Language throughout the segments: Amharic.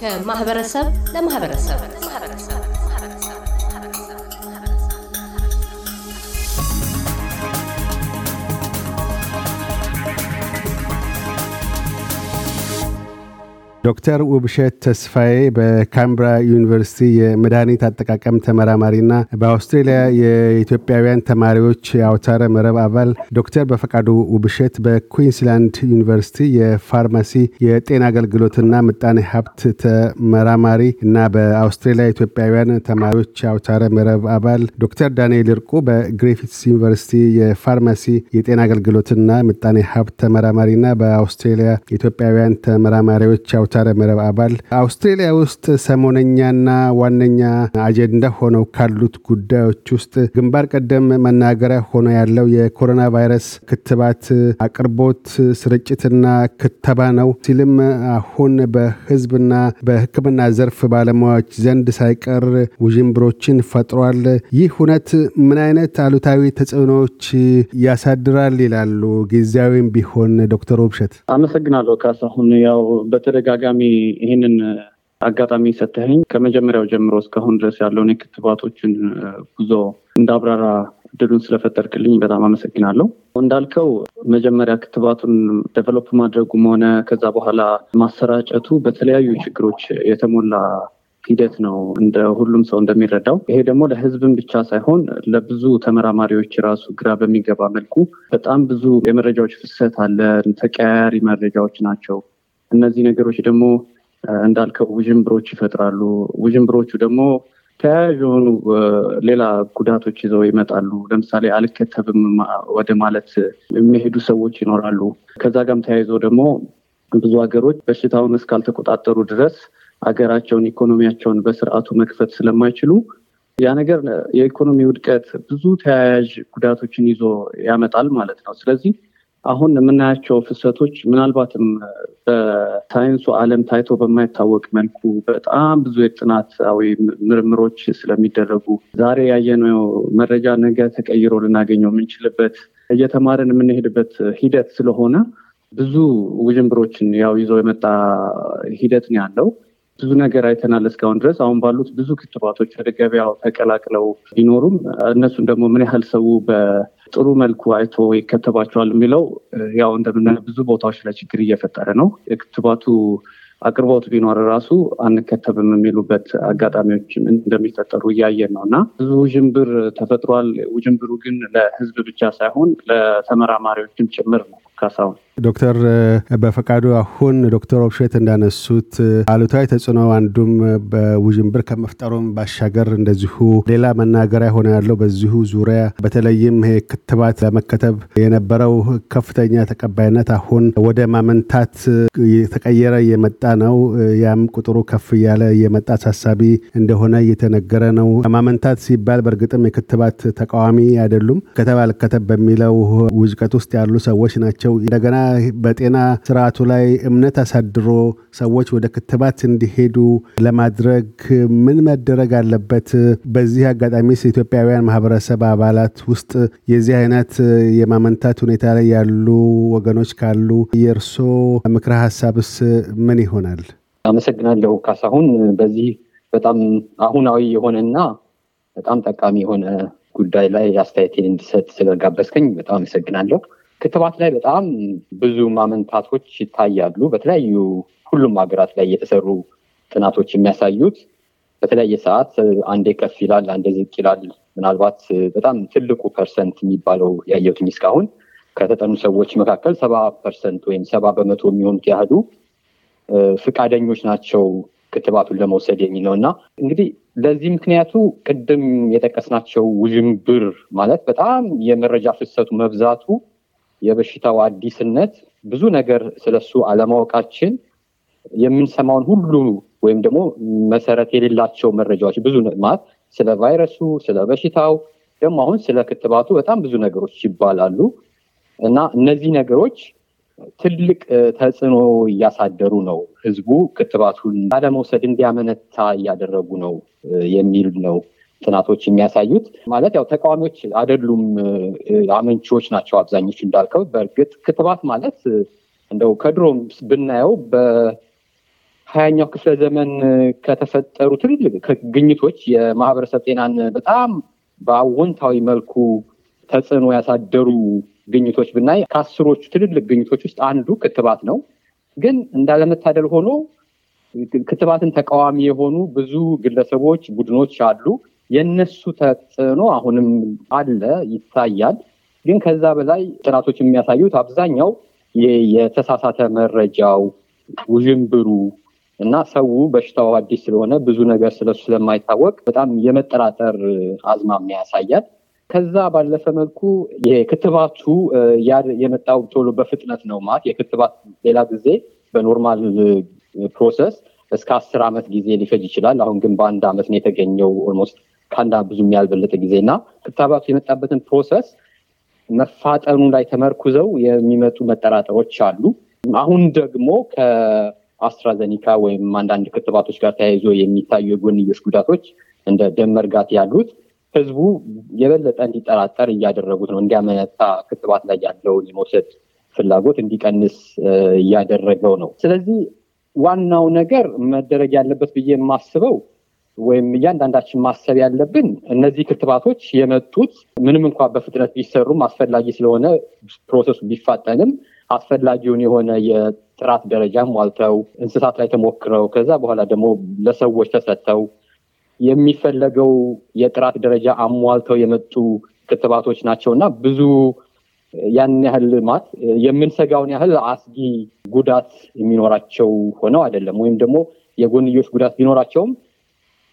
ከማህበረሰብ ለማህበረሰብ ዶክተር ውብሸት ተስፋዬ በካምብራ ዩኒቨርሲቲ የመድኃኒት አጠቃቀም ተመራማሪና በአውስትሬሊያ የኢትዮጵያውያን ተማሪዎች አውታረ መረብ አባል፣ ዶክተር በፈቃዱ ውብሸት በኩዊንስላንድ ዩኒቨርሲቲ የፋርማሲ የጤና አገልግሎትና ምጣኔ ሀብት ተመራማሪ እና በአውስትሬሊያ ኢትዮጵያውያን ተማሪዎች አውታረ መረብ አባል፣ ዶክተር ዳንኤል እርቁ በግሪፊትስ ዩኒቨርሲቲ የፋርማሲ የጤና አገልግሎትና ምጣኔ ሀብት ተመራማሪና በአውስትሬሊያ ኢትዮጵያውያን ተመራማሪዎች አውታረ መረብ አባል። አውስትሬሊያ ውስጥ ሰሞነኛና ዋነኛ አጀንዳ ሆነው ካሉት ጉዳዮች ውስጥ ግንባር ቀደም መናገሪያ ሆኖ ያለው የኮሮና ቫይረስ ክትባት አቅርቦት ስርጭትና ክተባ ነው ሲልም አሁን በህዝብና በህክምና ዘርፍ ባለሙያዎች ዘንድ ሳይቀር ውዥንብሮችን ፈጥሯል። ይህ እውነት ምን አይነት አሉታዊ ተጽዕኖዎች ያሳድራል ይላሉ ጊዜያዊም ቢሆን ዶክተር ውብሸት አመሰግናለሁ ካሳሁን ያው በተደጋጋሚ በተደጋጋሚ ይህንን አጋጣሚ ሰተኸኝ ከመጀመሪያው ጀምሮ እስካሁን ድረስ ያለውን የክትባቶችን ጉዞ እንዳብራራ እድሉን ስለፈጠርክልኝ በጣም አመሰግናለሁ። እንዳልከው መጀመሪያ ክትባቱን ዴቨሎፕ ማድረጉም ሆነ ከዛ በኋላ ማሰራጨቱ በተለያዩ ችግሮች የተሞላ ሂደት ነው፣ እንደ ሁሉም ሰው እንደሚረዳው። ይሄ ደግሞ ለሕዝብም ብቻ ሳይሆን ለብዙ ተመራማሪዎች ራሱ ግራ በሚገባ መልኩ በጣም ብዙ የመረጃዎች ፍሰት አለ። ተቀያያሪ መረጃዎች ናቸው። እነዚህ ነገሮች ደግሞ እንዳልከው ውዥንብሮች ይፈጥራሉ። ውዥንብሮቹ ደግሞ ተያያዥ የሆኑ ሌላ ጉዳቶች ይዘው ይመጣሉ። ለምሳሌ አልከተብም ወደ ማለት የሚሄዱ ሰዎች ይኖራሉ። ከዛ ጋም ተያይዘው ደግሞ ብዙ ሀገሮች በሽታውን እስካልተቆጣጠሩ ድረስ ሀገራቸውን ኢኮኖሚያቸውን በስርዓቱ መክፈት ስለማይችሉ ያ ነገር የኢኮኖሚ ውድቀት ብዙ ተያያዥ ጉዳቶችን ይዞ ያመጣል ማለት ነው። ስለዚህ አሁን የምናያቸው ፍሰቶች ምናልባትም በሳይንሱ ዓለም ታይቶ በማይታወቅ መልኩ በጣም ብዙ የጥናታዊ ምርምሮች ስለሚደረጉ ዛሬ ያየነው መረጃ ነገ ተቀይሮ ልናገኘው የምንችልበት እየተማርን የምንሄድበት ሂደት ስለሆነ ብዙ ውዥንብሮችን ያው ይዞ የመጣ ሂደት ነው ያለው። ብዙ ነገር አይተናል እስካሁን ድረስ። አሁን ባሉት ብዙ ክትባቶች ወደ ገበያው ተቀላቅለው ቢኖሩም እነሱን ደግሞ ምን ያህል ሰው ጥሩ መልኩ አይቶ ይከተባቸዋል የሚለው ያው እንደምናየው ብዙ ቦታዎች ላይ ችግር እየፈጠረ ነው። የክትባቱ አቅርቦት ቢኖር ራሱ አንከተብም የሚሉበት አጋጣሚዎች እንደሚፈጠሩ እያየን ነው እና ብዙ ውዥንብር ተፈጥሯል። ውዥንብሩ ግን ለህዝብ ብቻ ሳይሆን ለተመራማሪዎችም ጭምር ነው። ካሳሁን ዶክተር በፈቃዱ አሁን ዶክተር ኦብሸት እንዳነሱት አሉታዊ ተጽዕኖ አንዱም በውዥንብር ከመፍጠሩም ባሻገር እንደዚሁ ሌላ መናገሪያ ሆነ ያለው በዚሁ ዙሪያ በተለይም ክትባት ለመከተብ የነበረው ከፍተኛ ተቀባይነት አሁን ወደ ማመንታት የተቀየረ የመጣ ነው። ያም ቁጥሩ ከፍ እያለ የመጣ አሳሳቢ እንደሆነ እየተነገረ ነው። ማመንታት ሲባል በእርግጥም የክትባት ተቃዋሚ አይደሉም። ከተብ አልከተብ በሚለው ውዝቀት ውስጥ ያሉ ሰዎች ናቸው እንደገና በጤና ስርዓቱ ላይ እምነት አሳድሮ ሰዎች ወደ ክትባት እንዲሄዱ ለማድረግ ምን መደረግ አለበት? በዚህ አጋጣሚ ኢትዮጵያውያን ማህበረሰብ አባላት ውስጥ የዚህ አይነት የማመንታት ሁኔታ ላይ ያሉ ወገኖች ካሉ የእርሶ ምክረ ሀሳብስ ምን ይሆናል? አመሰግናለሁ ካሳሁን። በዚህ በጣም አሁናዊ የሆነና በጣም ጠቃሚ የሆነ ጉዳይ ላይ አስተያየቴን እንድሰጥ ስለጋበዝከኝ በጣም አመሰግናለሁ። ክትባት ላይ በጣም ብዙ ማመንታቶች ይታያሉ። በተለያዩ ሁሉም ሀገራት ላይ የተሰሩ ጥናቶች የሚያሳዩት በተለያየ ሰዓት አንዴ ከፍ ይላል፣ አንዴ ዝቅ ይላል። ምናልባት በጣም ትልቁ ፐርሰንት የሚባለው ያየሁትኝ እስካሁን ከተጠኑ ሰዎች መካከል ሰባ ፐርሰንት ወይም ሰባ በመቶ የሚሆኑት ያህሉ ፍቃደኞች ናቸው ክትባቱን ለመውሰድ የሚለው እና እንግዲህ ለዚህ ምክንያቱ ቅድም የጠቀስናቸው ውዥንብር ማለት በጣም የመረጃ ፍሰቱ መብዛቱ የበሽታው አዲስነት ብዙ ነገር ስለሱ አለማወቃችን የምንሰማውን ሁሉ ወይም ደግሞ መሰረት የሌላቸው መረጃዎች ብዙ ማለት ስለ ቫይረሱ፣ ስለ በሽታው ደግሞ አሁን ስለ ክትባቱ በጣም ብዙ ነገሮች ይባላሉ እና እነዚህ ነገሮች ትልቅ ተጽዕኖ እያሳደሩ ነው። ህዝቡ ክትባቱን ባለመውሰድ እንዲያመነታ እያደረጉ ነው የሚል ነው ጥናቶች የሚያሳዩት ማለት ያው ተቃዋሚዎች አይደሉም አመንቺዎች ናቸው አብዛኞቹ እንዳልከው። በእርግጥ ክትባት ማለት እንደው ከድሮም ብናየው በሀያኛው ክፍለ ዘመን ከተፈጠሩ ትልልቅ ግኝቶች የማህበረሰብ ጤናን በጣም በአወንታዊ መልኩ ተጽዕኖ ያሳደሩ ግኝቶች ብናይ ከአስሮቹ ትልልቅ ግኝቶች ውስጥ አንዱ ክትባት ነው። ግን እንዳለመታደል ሆኖ ክትባትን ተቃዋሚ የሆኑ ብዙ ግለሰቦች፣ ቡድኖች አሉ። የእነሱ ተጽዕኖ አሁንም አለ ይታያል። ግን ከዛ በላይ ጥናቶች የሚያሳዩት አብዛኛው የተሳሳተ መረጃው፣ ውዥንብሩ እና ሰው በሽታው አዲስ ስለሆነ ብዙ ነገር ስለሱ ስለማይታወቅ በጣም የመጠራጠር አዝማሚያ ያሳያል። ከዛ ባለፈ መልኩ የክትባቱ የመጣው ቶሎ በፍጥነት ነው ማለት የክትባት ሌላ ጊዜ በኖርማል ፕሮሰስ እስከ አስር ዓመት ጊዜ ሊፈጅ ይችላል። አሁን ግን በአንድ ዓመት ነው የተገኘው ኦልሞስት ከአንዳ ብዙ የሚያልበለጠ ጊዜ እና ክትባቱ የመጣበትን ፕሮሰስ መፋጠኑ ላይ ተመርኩዘው የሚመጡ መጠራጠሮች አሉ። አሁን ደግሞ ከአስትራዘኒካ ወይም አንዳንድ ክትባቶች ጋር ተያይዞ የሚታዩ የጎንዮሽ ጉዳቶች እንደ ደም መርጋት ያሉት ህዝቡ የበለጠ እንዲጠራጠር እያደረጉት ነው። እንዲያመነታ ክትባት ላይ ያለው የመውሰድ ፍላጎት እንዲቀንስ እያደረገው ነው። ስለዚህ ዋናው ነገር መደረግ ያለበት ብዬ የማስበው ወይም እያንዳንዳችን ማሰብ ያለብን እነዚህ ክትባቶች የመጡት ምንም እንኳ በፍጥነት ቢሰሩም አስፈላጊ ስለሆነ ፕሮሰሱ ቢፋጠንም አስፈላጊውን የሆነ የጥራት ደረጃ ሟልተው እንስሳት ላይ ተሞክረው ከዛ በኋላ ደግሞ ለሰዎች ተሰጥተው የሚፈለገው የጥራት ደረጃ አሟልተው የመጡ ክትባቶች ናቸው እና ብዙ ያን ያህል ልማት የምንሰጋውን ያህል አስጊ ጉዳት የሚኖራቸው ሆነው አይደለም ወይም ደግሞ የጎንዮሽ ጉዳት ቢኖራቸውም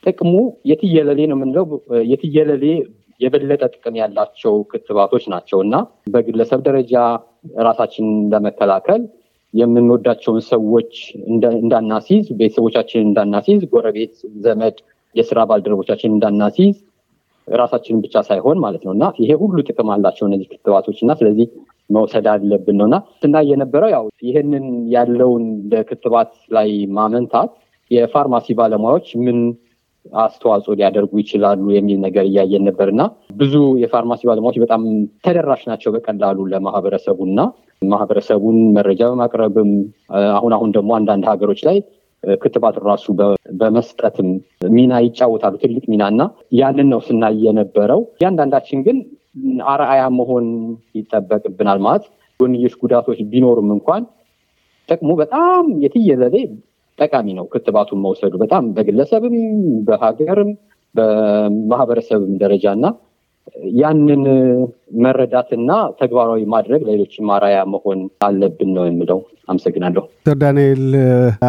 ጥቅሙ የትየለሌ ነው የምንለው የትየለሌ የበለጠ ጥቅም ያላቸው ክትባቶች ናቸው እና በግለሰብ ደረጃ ራሳችንን ለመከላከል የምንወዳቸውን ሰዎች እንዳናሲዝ፣ ቤተሰቦቻችንን እንዳናሲዝ፣ ጎረቤት፣ ዘመድ፣ የስራ ባልደረቦቻችን እንዳናሲዝ ራሳችንን ብቻ ሳይሆን ማለት ነው እና ይሄ ሁሉ ጥቅም አላቸው እነዚህ ክትባቶች እና ስለዚህ መውሰድ አለብን ነው እና እና የነበረው ያው ይህንን ያለውን ክትባት ላይ ማመንታት የፋርማሲ ባለሙያዎች ምን አስተዋጽኦ ሊያደርጉ ይችላሉ የሚል ነገር እያየን ነበር እና ብዙ የፋርማሲ ባለሙያዎች በጣም ተደራሽ ናቸው በቀላሉ ለማህበረሰቡ እና ማህበረሰቡን መረጃ በማቅረብም አሁን አሁን ደግሞ አንዳንድ ሀገሮች ላይ ክትባት ራሱ በመስጠትም ሚና ይጫወታሉ ትልቅ ሚና እና ያንን ነው ስናይ የነበረው። እያንዳንዳችን ግን አርአያ መሆን ይጠበቅብናል ማለት ጎንዮሽ ጉዳቶች ቢኖሩም እንኳን ጥቅሙ በጣም የትየለሌ ጠቃሚ ነው ክትባቱን መውሰዱ በጣም በግለሰብም በሀገርም በማህበረሰብም ደረጃ እና ያንን መረዳትና ተግባራዊ ማድረግ ለሌሎችም ማራያ መሆን አለብን ነው የምለው። አመሰግናለሁ። ዶክተር ዳንኤል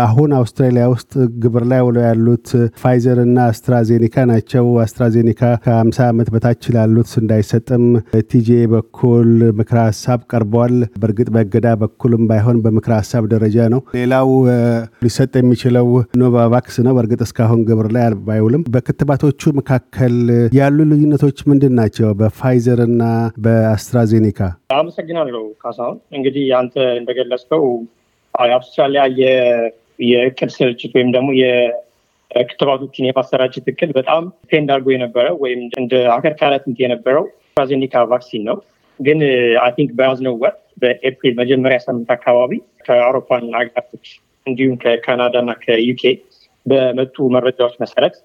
አሁን አውስትራሊያ ውስጥ ግብር ላይ ውለው ያሉት ፋይዘር እና አስትራዜኒካ ናቸው። አስትራዜኒካ ከአምሳ 50 ዓመት በታች ላሉት እንዳይሰጥም ቲጄ በኩል ምክረ ሀሳብ ቀርቧል። በእርግጥ በእገዳ በኩልም ባይሆን በምክረ ሀሳብ ደረጃ ነው። ሌላው ሊሰጥ የሚችለው ኖቫቫክስ ነው። በእርግጥ እስካሁን ግብር ላይ ባይውልም በክትባቶቹ መካከል ያሉ ልዩነቶች ምንድን ናቸው? ናቸው በፋይዘር እና በአስትራዜኒካ? አመሰግናለሁ ካሳሁን። እንግዲህ አንተ እንደገለጽከው አውስትራሊያ የእቅድ ስርጭት ወይም ደግሞ የክትባቶችን የማሰራጭት እቅድ በጣም ፔንድ አድርጎ የነበረው ወይም እንደ አከርካሪነት የነበረው አስትራዜኒካ ቫክሲን ነው። ግን አይ ቲንክ በያዝነው ወር በኤፕሪል መጀመሪያ ሳምንት አካባቢ ከአውሮፓን ሀገራቶች እንዲሁም ከካናዳ እና ከዩኬ በመጡ መረጃዎች መሰረት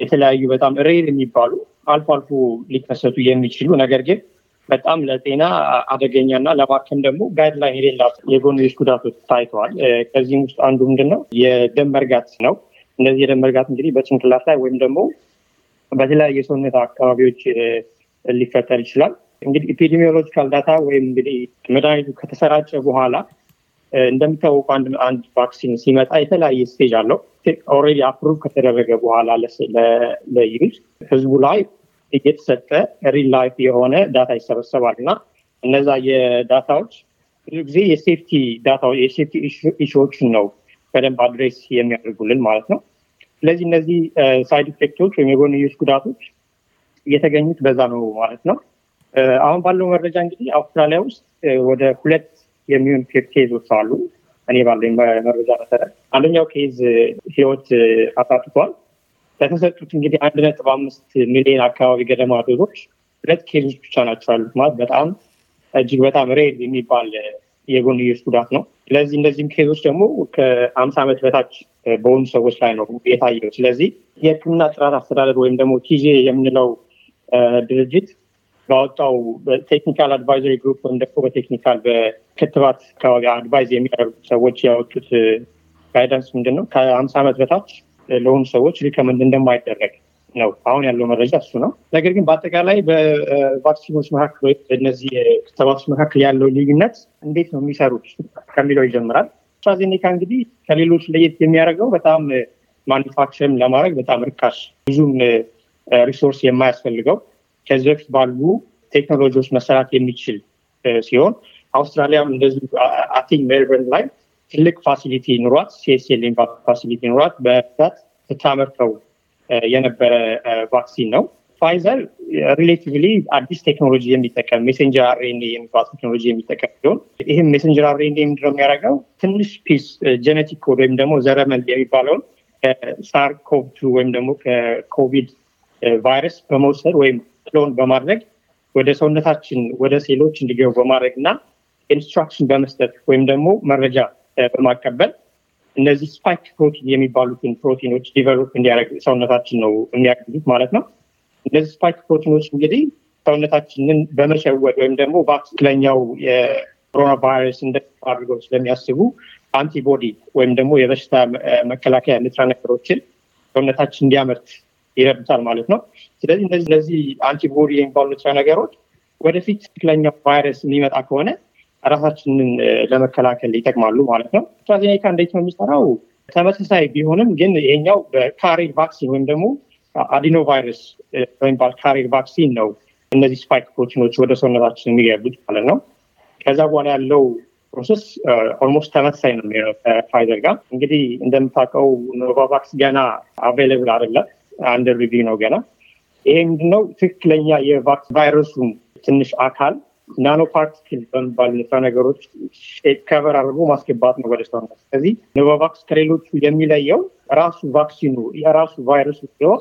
የተለያዩ በጣም ሬር የሚባሉ አልፎ አልፎ ሊከሰቱ የሚችሉ ነገር ግን በጣም ለጤና አደገኛ እና ለማከም ደግሞ ጋይድላይን የሌላት የጎንዮሽ ጉዳቶች ታይተዋል። ከዚህም ውስጥ አንዱ ምንድን ነው የደም መርጋት ነው። እነዚህ የደም መርጋት እንግዲህ በጭንቅላት ላይ ወይም ደግሞ በተለያዩ የሰውነት አካባቢዎች ሊፈጠር ይችላል። እንግዲህ ኢፒዲሚዮሎጂካል ዳታ ወይም እንግዲህ መድኃኒቱ ከተሰራጨ በኋላ እንደሚታወቁ አንድ ቫክሲን ሲመጣ የተለያየ ስቴጅ አለው። ኦልሬዲ አፕሩቭ ከተደረገ በኋላ ለዩዝ ህዝቡ ላይ እየተሰጠ ሪል ላይፍ የሆነ ዳታ ይሰበሰባል እና እነዛ የዳታዎች ብዙ ጊዜ የሴፍቲ ዳታ የሴፍቲ ኢሹዎችን ነው በደንብ አድሬስ የሚያደርጉልን ማለት ነው። ስለዚህ እነዚህ ሳይድ ኢፌክቶች ወይም የጎንዮሽ ጉዳቶች የተገኙት በዛ ነው ማለት ነው። አሁን ባለው መረጃ እንግዲህ አውስትራሊያ ውስጥ ወደ ሁለት የሚሆን ኬዞች አሉ። እኔ ባለኝ መረጃ መሰረት አንደኛው ኬዝ ህይወት አሳጥቷል። ለተሰጡት እንግዲህ አንድ ነጥብ አምስት ሚሊዮን አካባቢ ገደማ ዶዞች ሁለት ኬዞች ብቻ ናቸው ያሉት ማለት በጣም እጅግ በጣም ሬድ የሚባል የጎንዮሽ ጉዳት ነው። ስለዚህ እንደዚህም ኬዞች ደግሞ ከአምስት ዓመት በታች በሆኑ ሰዎች ላይ ነው የታየው። ስለዚህ የህክምና ጥራት አስተዳደር ወይም ደግሞ ቲዤ የምንለው ድርጅት ባወጣው በቴክኒካል አድቫይዘሪ ግሩፕ ወይም ደግሞ በቴክኒካል በክትባት አድቫይዝ የሚያደርጉ ሰዎች ያወጡት ጋይዳንስ ምንድን ነው? ከአምሳ ዓመት በታች ለሆኑ ሰዎች ሪከመንድ እንደማይደረግ ነው። አሁን ያለው መረጃ እሱ ነው። ነገር ግን በአጠቃላይ በቫክሲኖች መካከል ወይም በእነዚህ ክትባቶች መካከል ያለው ልዩነት እንዴት ነው የሚሰሩት ከሚለው ይጀምራል። አስትራዜኔካ እንግዲህ ከሌሎች ለየት የሚያደርገው በጣም ማኒፋክቸርም ለማድረግ በጣም ርካሽ ብዙም ሪሶርስ የማያስፈልገው ከዚህ በፊት ባሉ ቴክኖሎጂዎች መሰራት የሚችል ሲሆን አውስትራሊያም እንደዚሁ አቲንግ ሜልበርን ላይ ትልቅ ፋሲሊቲ ኑሯት ሲኤስኤል ፋሲሊቲ ኑሯት በብዛት ስታመርተው የነበረ ቫክሲን ነው። ፋይዘር ሪሌቲቭሊ አዲስ ቴክኖሎጂ የሚጠቀም ሜሴንጀር አሬን የሚባል ቴክኖሎጂ የሚጠቀም ሲሆን ይህም ሜሴንጀር አሬን ኤን የሚያደረገው ትንሽ ፒስ ጀነቲክ ኮድ ወይም ደግሞ ዘረመል የሚባለውን ከሳርኮቭ ቱ ወይም ደግሞ ከኮቪድ ቫይረስ በመውሰድ ወይም ፍሎውን በማድረግ ወደ ሰውነታችን ወደ ሴሎች እንዲገቡ በማድረግ እና ኢንስትራክሽን በመስጠት ወይም ደግሞ መረጃ በማቀበል እነዚህ ስፓይክ ፕሮቲን የሚባሉትን ፕሮቲኖች ዲቨሎፕ እንዲያደርግ ሰውነታችን ነው የሚያግዙት ማለት ነው። እነዚህ ስፓይክ ፕሮቲኖች እንግዲህ ሰውነታችንን በመሸወድ ወይም ደግሞ በትክክለኛው የኮሮና ቫይረስ እንደ አድርገው ስለሚያስቡ አንቲቦዲ ወይም ደግሞ የበሽታ መከላከያ ንጥረ ነገሮችን ሰውነታችን እንዲያመርት ይረብታል ማለት ነው። ስለዚህ እነዚህ እነዚህ አንቲቦዲ የሚባሉ ንጥረ ነገሮች ወደፊት ትክክለኛው ቫይረስ የሚመጣ ከሆነ ራሳችንን ለመከላከል ይጠቅማሉ ማለት ነው። አስትራዜኔካ እንዴት ነው የሚሰራው? ተመሳሳይ ቢሆንም ግን ይሄኛው በካሬር ቫክሲን ወይም ደግሞ አዲኖ ቫይረስ በሚባል ካሬር ቫክሲን ነው እነዚህ ስፓይክ ፕሮቲኖች ወደ ሰውነታችን የሚገቡት ማለት ነው። ከዛ በኋላ ያለው ፕሮሰስ ኦልሞስት ተመሳሳይ ነው ፋይዘር ጋር። እንግዲህ እንደምታውቀው ኖቫቫክስ ገና አቬለብል አደለም አንደር ሪቪው ነው ገና። ይሄ ምንድነው ትክክለኛ የቫይረሱ ትንሽ አካል ናኖ ፓርቲክል በሚባል ንጥረ ነገሮች ከቨር አድርጎ ማስገባት ነው ወደ ሰውነት። ስለዚህ ኖቫቫክስ ከሌሎቹ የሚለየው ራሱ ቫክሲኑ የራሱ ቫይረሱ ሲሆን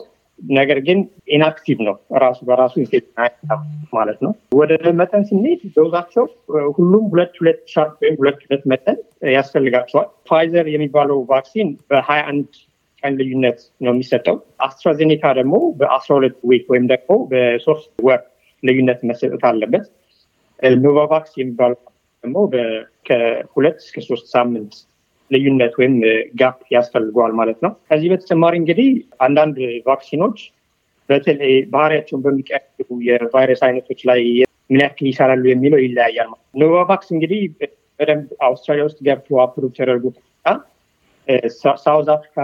ነገር ግን ኢንአክቲቭ ነው ራሱ በራሱ ማለት ነው። ወደ መጠን ስንሄድ ዶዛቸው ሁሉም ሁለት ሁለት ሻርፕ ወይም ሁለት ሁለት መጠን ያስፈልጋቸዋል። ፋይዘር የሚባለው ቫክሲን በሀያ አንድ ቀን ልዩነት ነው የሚሰጠው። አስትራዜኔካ ደግሞ በአስራ ሁለት ዊክ ወይም ደግሞ በሶስት ወር ልዩነት መሰጠት አለበት። ኖቫቫክስ የሚባሉ ደግሞ ከሁለት እስከ ሶስት ሳምንት ልዩነት ወይም ጋፕ ያስፈልገዋል ማለት ነው። ከዚህ በተጨማሪ እንግዲህ አንዳንድ ቫክሲኖች በተለይ ባህሪያቸውን በሚቀያየሩ የቫይረስ አይነቶች ላይ ምን ያክል ይሰራሉ የሚለው ይለያያል ማለት ኖቫቫክስ እንግዲህ በደንብ አውስትራሊያ ውስጥ ገብቶ አፕሩቭ ተደርጎ ሳውዝ አፍሪካ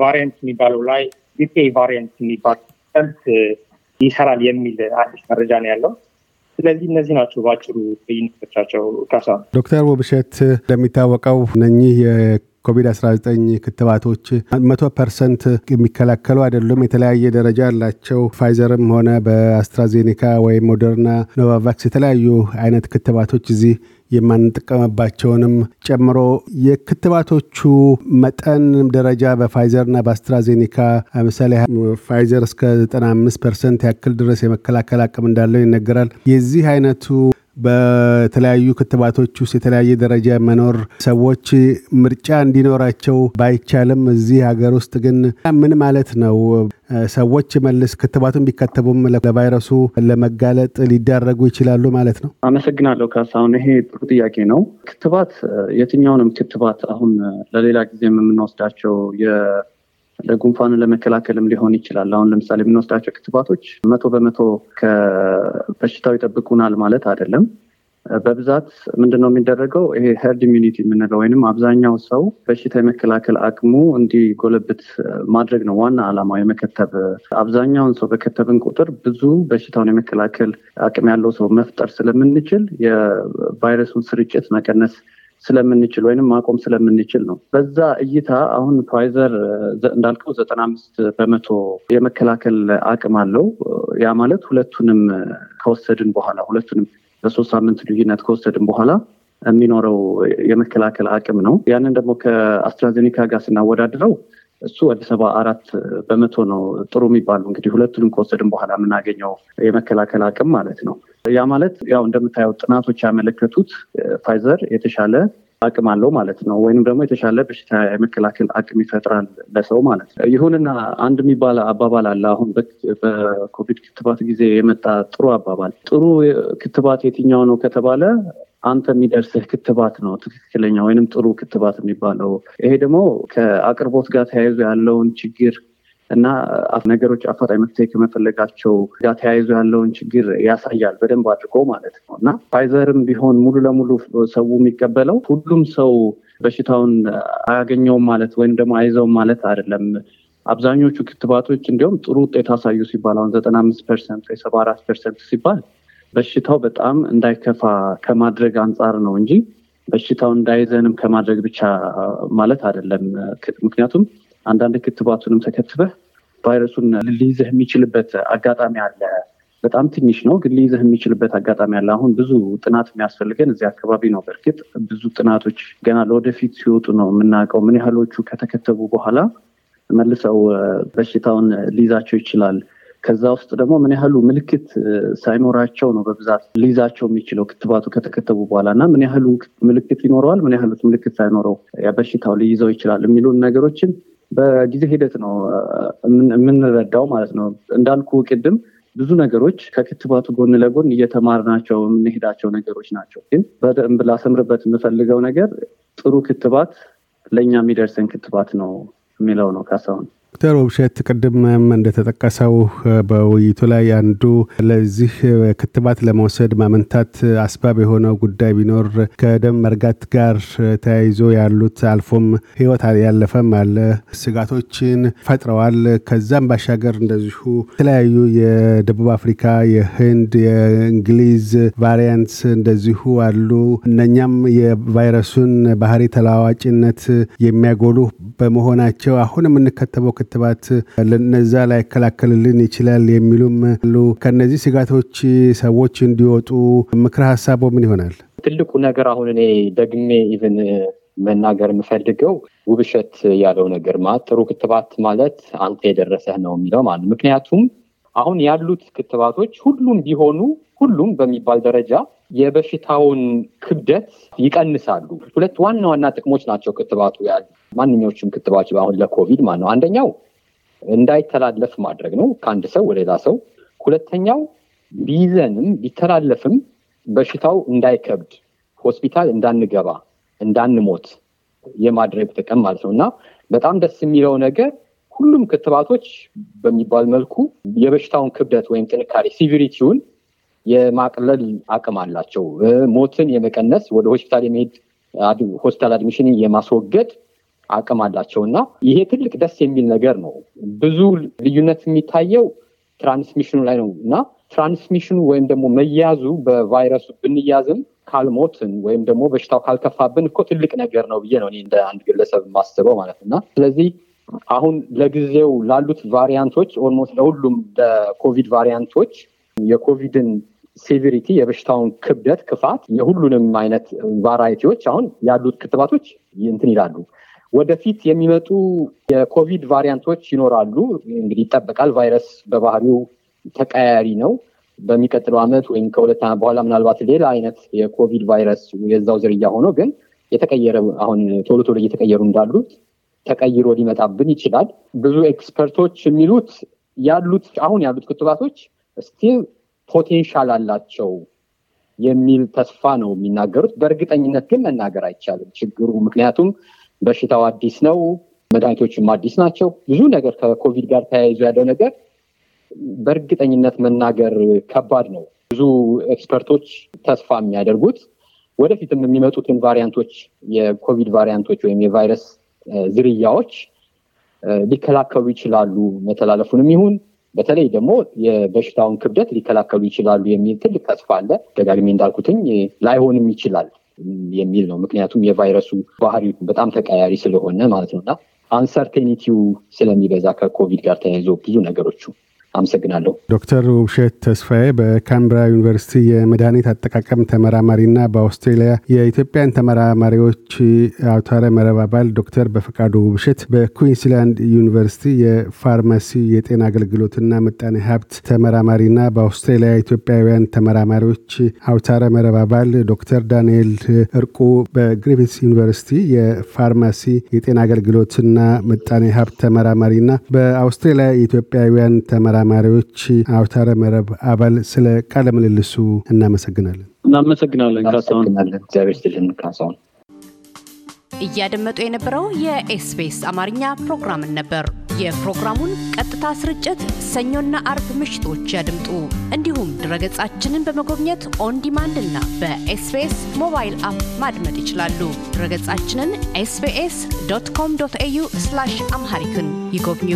ቫሪያንት የሚባለው ላይ ዩኬ ቫሪያንት የሚባል ሰልት eh, ይሰራል የሚል አዲስ መረጃ ነው ያለው። ስለዚህ እነዚህ ናቸው በአጭሩ ትዕይንቶቻቸው። ካሳ ዶክተር ውብሸት እንደሚታወቀው እነኚህ ኮቪድ-19 ክትባቶች መቶ ፐርሰንት የሚከላከሉ አይደሉም። የተለያየ ደረጃ አላቸው። ፋይዘርም ሆነ በአስትራዜኒካ ወይም ሞደርና፣ ኖቫቫክስ የተለያዩ አይነት ክትባቶች እዚህ የማንጠቀምባቸውንም ጨምሮ የክትባቶቹ መጠን ደረጃ በፋይዘርና በአስትራዜኒካ ምሳሌ ፋይዘር እስከ 95 ፐርሰንት ያክል ድረስ የመከላከል አቅም እንዳለው ይነገራል። የዚህ አይነቱ በተለያዩ ክትባቶች ውስጥ የተለያየ ደረጃ መኖር ሰዎች ምርጫ እንዲኖራቸው ባይቻልም እዚህ ሀገር ውስጥ ግን ምን ማለት ነው? ሰዎች መልስ ክትባቱን ቢከተቡም ለቫይረሱ ለመጋለጥ ሊዳረጉ ይችላሉ ማለት ነው? አመሰግናለሁ ካሳሁን። ይሄ ጥሩ ጥያቄ ነው። ክትባት የትኛውንም ክትባት አሁን ለሌላ ጊዜ የምንወስዳቸው ጉንፋንን ለመከላከልም ሊሆን ይችላል። አሁን ለምሳሌ የምንወስዳቸው ክትባቶች መቶ በመቶ ከበሽታው ይጠብቁናል ማለት አይደለም። በብዛት ምንድነው የሚደረገው? ይሄ ሄርድ ኢሚኒቲ የምንለው ወይም አብዛኛው ሰው በሽታ የመከላከል አቅሙ እንዲጎለብት ማድረግ ነው ዋና ዓላማው የመከተብ። አብዛኛውን ሰው በከተብን ቁጥር ብዙ በሽታውን የመከላከል አቅም ያለው ሰው መፍጠር ስለምንችል የቫይረሱን ስርጭት መቀነስ ስለምንችል ወይም ማቆም ስለምንችል ነው። በዛ እይታ አሁን ፋይዘር እንዳልከው ዘጠና አምስት በመቶ የመከላከል አቅም አለው። ያ ማለት ሁለቱንም ከወሰድን በኋላ ሁለቱንም በሶስት ሳምንት ልዩነት ከወሰድን በኋላ የሚኖረው የመከላከል አቅም ነው። ያንን ደግሞ ከአስትራዜኒካ ጋር ስናወዳድረው እሱ ወደ ሰባ አራት በመቶ ነው። ጥሩ የሚባሉ እንግዲህ ሁለቱንም ከወሰድን በኋላ የምናገኘው የመከላከል አቅም ማለት ነው። ያ ማለት ያው እንደምታየው ጥናቶች ያመለከቱት ፋይዘር የተሻለ አቅም አለው ማለት ነው። ወይም ደግሞ የተሻለ በሽታ የመከላከል አቅም ይፈጥራል ለሰው ማለት ነው። ይሁንና አንድ የሚባል አባባል አለ። አሁን በኮቪድ ክትባት ጊዜ የመጣ ጥሩ አባባል፣ ጥሩ ክትባት የትኛው ነው ከተባለ አንተ የሚደርስህ ክትባት ነው ትክክለኛ ወይንም ጥሩ ክትባት የሚባለው። ይሄ ደግሞ ከአቅርቦት ጋር ተያይዞ ያለውን ችግር እና ነገሮች አፋጣኝ መፍትሄ ከመፈለጋቸው ጋር ተያይዞ ያለውን ችግር ያሳያል በደንብ አድርጎ ማለት ነው። እና ፋይዘርም ቢሆን ሙሉ ለሙሉ ሰው የሚቀበለው ሁሉም ሰው በሽታውን አያገኘውም ማለት ወይም ደግሞ አይዘውም ማለት አይደለም። አብዛኞቹ ክትባቶች እንዲሁም ጥሩ ውጤት አሳዩ ሲባል አሁን ዘጠና አምስት ፐርሰንት ወይ ሰባ አራት ፐርሰንት ሲባል በሽታው በጣም እንዳይከፋ ከማድረግ አንጻር ነው እንጂ በሽታው እንዳይዘንም ከማድረግ ብቻ ማለት አይደለም። ምክንያቱም አንዳንድ ክትባቱንም ተከትበህ ቫይረሱን ሊይዘህ የሚችልበት አጋጣሚ አለ። በጣም ትንሽ ነው፣ ግን ሊይዘህ የሚችልበት አጋጣሚ አለ። አሁን ብዙ ጥናት የሚያስፈልገን እዚህ አካባቢ ነው። በእርግጥ ብዙ ጥናቶች ገና ለወደፊት ሲወጡ ነው የምናውቀው ምን ያህሎቹ ከተከተቡ በኋላ መልሰው በሽታውን ሊይዛቸው ይችላል ከዛ ውስጥ ደግሞ ምን ያህሉ ምልክት ሳይኖራቸው ነው በብዛት ሊይዛቸው የሚችለው ክትባቱ ከተከተቡ በኋላ እና ምን ያህሉ ምልክት ይኖረዋል፣ ምን ያህሉት ምልክት ሳይኖረው በሽታው ሊይዘው ይችላል የሚሉን ነገሮችን በጊዜ ሂደት ነው የምንረዳው ማለት ነው። እንዳልኩ ቅድም ብዙ ነገሮች ከክትባቱ ጎን ለጎን እየተማርናቸው የምንሄዳቸው ነገሮች ናቸው። ግን በደንብ ላሰምርበት የምፈልገው ነገር ጥሩ ክትባት ለእኛ የሚደርሰን ክትባት ነው የሚለው ነው ካሳሁን። ዶክተር ውብሸት ቅድም እንደተጠቀሰው በውይይቱ ላይ አንዱ ለዚህ ክትባት ለመውሰድ ማመንታት አስባብ የሆነው ጉዳይ ቢኖር ከደም መርጋት ጋር ተያይዞ ያሉት አልፎም ህይወት ያለፈም አለ ስጋቶችን ፈጥረዋል። ከዛም ባሻገር እንደዚሁ የተለያዩ የደቡብ አፍሪካ፣ የህንድ፣ የእንግሊዝ ቫሪያንትስ እንደዚሁ አሉ። እነኛም የቫይረሱን ባህሪ ተለዋዋጭነት የሚያጎሉ በመሆናቸው አሁን የምንከተበው ክትባት ለነዛ ላይከላከልልን ይችላል የሚሉም አሉ። ከነዚህ ስጋቶች ሰዎች እንዲወጡ ምክረ ሀሳቦ ምን ይሆናል? ትልቁ ነገር አሁን እኔ ደግሜ ኢቨን መናገር የምፈልገው ውብሸት ያለው ነገር ማለት ጥሩ ክትባት ማለት አንተ የደረሰህ ነው የሚለው ማለት ምክንያቱም አሁን ያሉት ክትባቶች ሁሉም ቢሆኑ ሁሉም በሚባል ደረጃ የበሽታውን ክብደት ይቀንሳሉ። ሁለት ዋና ዋና ጥቅሞች ናቸው ክትባቱ ያሉ ማንኛዎቹም ክትባች አሁን ለኮቪድ ማለት ነው። አንደኛው እንዳይተላለፍ ማድረግ ነው ከአንድ ሰው ወደ ሌላ ሰው። ሁለተኛው ቢይዘንም ቢተላለፍም በሽታው እንዳይከብድ ሆስፒታል እንዳንገባ እንዳንሞት የማድረግ ጥቅም ማለት ነው እና በጣም ደስ የሚለው ነገር ሁሉም ክትባቶች በሚባል መልኩ የበሽታውን ክብደት ወይም ጥንካሬ ሲቪሪቲውን የማቅለል አቅም አላቸው። ሞትን የመቀነስ ወደ ሆስፒታል የመሄድ ሆስፒታል አድሚሽንን የማስወገድ አቅም አላቸው እና ይሄ ትልቅ ደስ የሚል ነገር ነው። ብዙ ልዩነት የሚታየው ትራንስሚሽኑ ላይ ነው እና ትራንስሚሽኑ ወይም ደግሞ መያዙ በቫይረሱ ብንያዝም ካልሞትን ወይም ደግሞ በሽታው ካልከፋብን እኮ ትልቅ ነገር ነው ብዬ ነው እኔ እንደ አንድ ግለሰብ የማስበው ማለት እና ስለዚህ አሁን ለጊዜው ላሉት ቫሪያንቶች ኦልሞስት ለሁሉም ለኮቪድ ቫሪያንቶች የኮቪድን ሴቪሪቲ የበሽታውን ክብደት ክፋት፣ የሁሉንም አይነት ቫራይቲዎች አሁን ያሉት ክትባቶች እንትን ይላሉ። ወደፊት የሚመጡ የኮቪድ ቫሪያንቶች ይኖራሉ። እንግዲህ ይጠበቃል። ቫይረስ በባህሪው ተቀያያሪ ነው። በሚቀጥለው ዓመት ወይም ከሁለት ዓመት በኋላ ምናልባት ሌላ አይነት የኮቪድ ቫይረስ የዛው ዝርያ ሆኖ ግን የተቀየረ አሁን ቶሎ ቶሎ እየተቀየሩ እንዳሉት ተቀይሮ ሊመጣብን ይችላል። ብዙ ኤክስፐርቶች የሚሉት ያሉት አሁን ያሉት ክትባቶች ስቲል ፖቴንሻል አላቸው የሚል ተስፋ ነው የሚናገሩት። በእርግጠኝነት ግን መናገር አይቻልም ችግሩ ምክንያቱም በሽታው አዲስ ነው፣ መድኃኒቶችም አዲስ ናቸው። ብዙ ነገር ከኮቪድ ጋር ተያይዞ ያለው ነገር በእርግጠኝነት መናገር ከባድ ነው። ብዙ ኤክስፐርቶች ተስፋ የሚያደርጉት ወደፊትም የሚመጡትን ቫሪያንቶች የኮቪድ ቫሪያንቶች ወይም የቫይረስ ዝርያዎች ሊከላከሉ ይችላሉ መተላለፉንም ይሁን በተለይ ደግሞ የበሽታውን ክብደት ሊከላከሉ ይችላሉ የሚል ትልቅ ተስፋ አለ። ደጋግሜ እንዳልኩትኝ ላይሆንም ይችላል የሚል ነው። ምክንያቱም የቫይረሱ ባህሪ በጣም ተቀያሪ ስለሆነ ማለት ነው እና አንሰርቴኒቲው ስለሚበዛ ከኮቪድ ጋር ተያይዞ ብዙ ነገሮቹ አመሰግናለሁ። ዶክተር ውብሸት ተስፋዬ በካምብራ ዩኒቨርሲቲ የመድኃኒት አጠቃቀም ተመራማሪና በአውስትሬሊያ የኢትዮጵያን ተመራማሪዎች አውታረ መረብ አባል ዶክተር በፈቃዱ ውብሸት በኩዊንስላንድ ዩኒቨርሲቲ የፋርማሲ የጤና አገልግሎትና ምጣኔ ሀብት ተመራማሪና በአውስትሬሊያ ኢትዮጵያውያን ተመራማሪዎች አውታረ መረብ አባል ዶክተር ዳንኤል እርቁ በግሪፊትስ ዩኒቨርሲቲ የፋርማሲ የጤና አገልግሎትና ምጣኔ ሀብት ተመራማሪና በአውስትሬሊያ ኢትዮጵያውያን ተመራ ተመራማሪዎች አውታረ መረብ አባል፣ ስለ ቃለ ምልልሱ እናመሰግናለን። እናመሰግናለን ካሳሁን። እያደመጡ የነበረው የኤስቢኤስ አማርኛ ፕሮግራምን ነበር። የፕሮግራሙን ቀጥታ ስርጭት ሰኞና አርብ ምሽቶች ያድምጡ። እንዲሁም ድረገጻችንን በመጎብኘት ኦንዲማንድ እና በኤስቢኤስ ሞባይል አፕ ማድመጥ ይችላሉ። ድረገጻችንን ኤስቢኤስ ዶት ኮም ዶት ኤዩ አምሃሪክን ይጎብኙ።